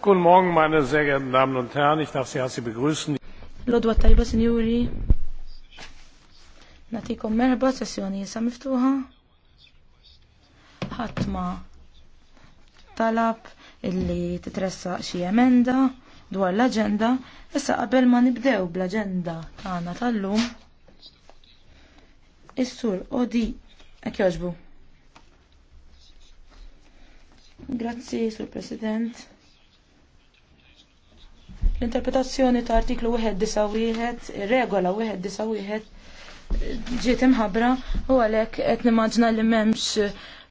Guten Morgen, meine sehr geehrten Damen und Herren. Ich darf Sie herzlich begrüßen. Lodwa tajba, Signori. Natikom merba, sessjoni jisa miftuħa. Ħatma talab illi titressa xi emenda dwar l-agenda. Issa qabel ma nibdew bl-agenda tagħna tal-lum. Is-sur Odi hekk jogħġbu. Grazzi, Sur President. L-interpretazzjoni ta' artiklu 191, regola 191, ġiet imħabbra u għalhekk qed nimmaġna li m'hemmx